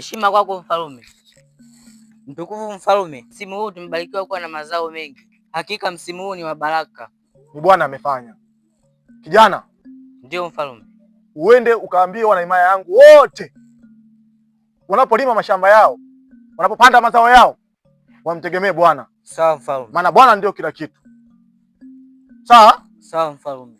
Heshima kwako mfalume. Mtukufu mfalume, msimu huu tumebarikiwa kuwa na mazao mengi. Hakika msimu huu ni wa baraka, ni Bwana amefanya. Kijana, ndio mfalume, uende ukaambie imaya yangu wote wanapolima mashamba yao, wanapopanda mazao yao, wamtegemee Bwana. Sawa mfalume, maana Bwana ndio kila kitu. Sawa sawa mfalume.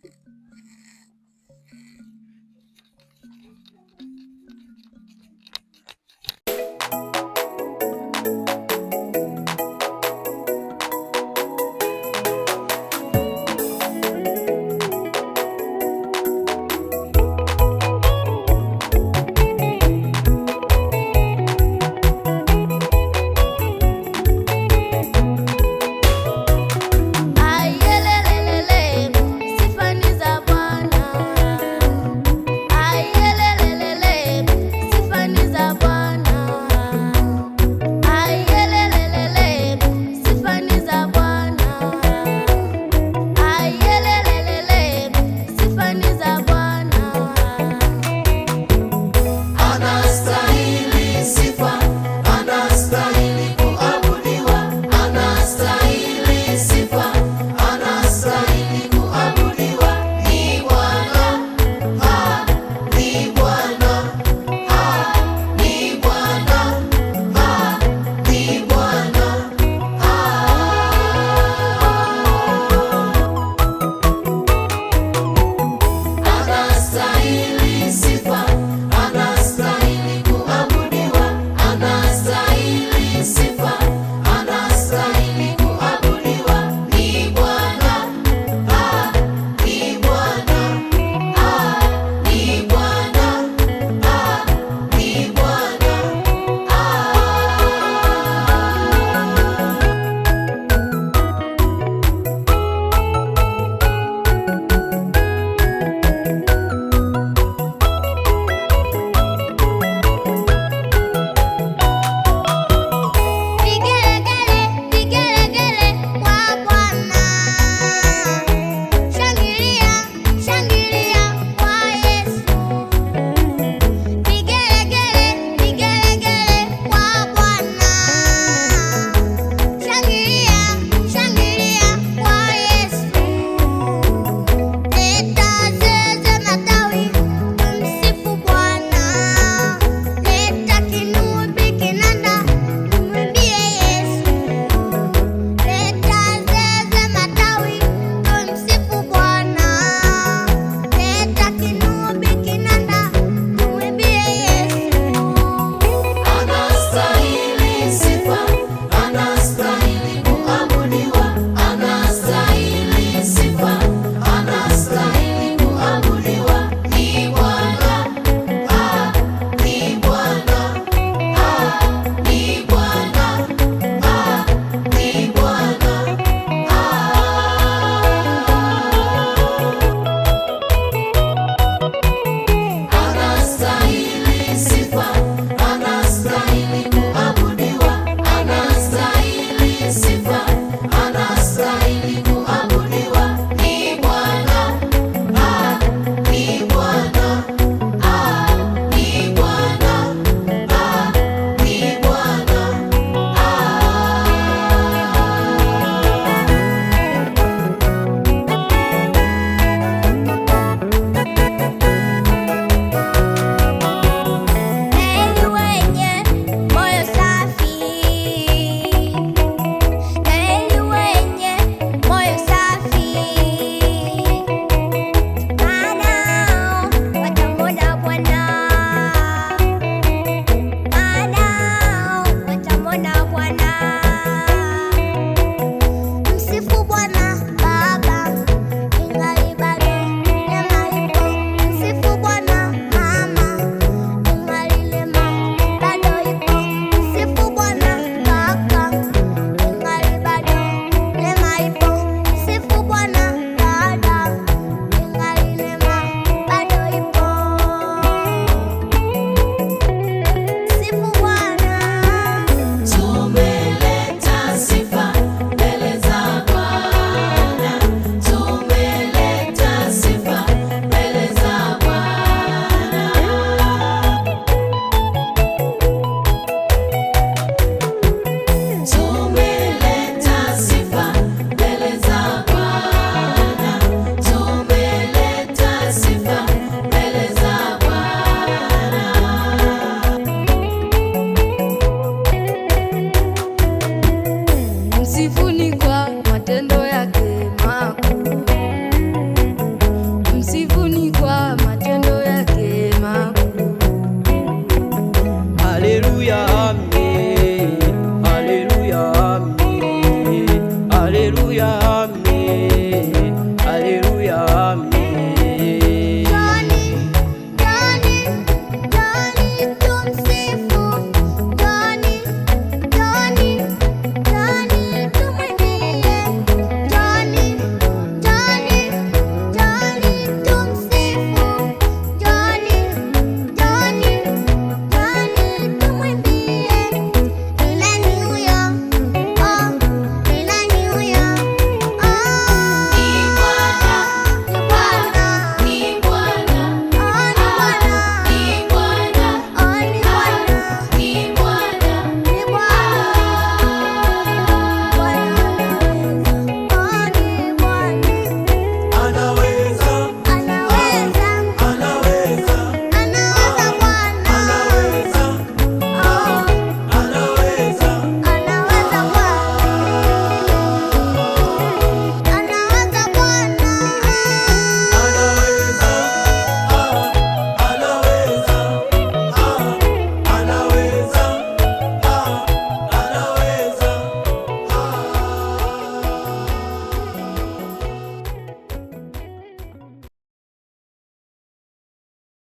on me.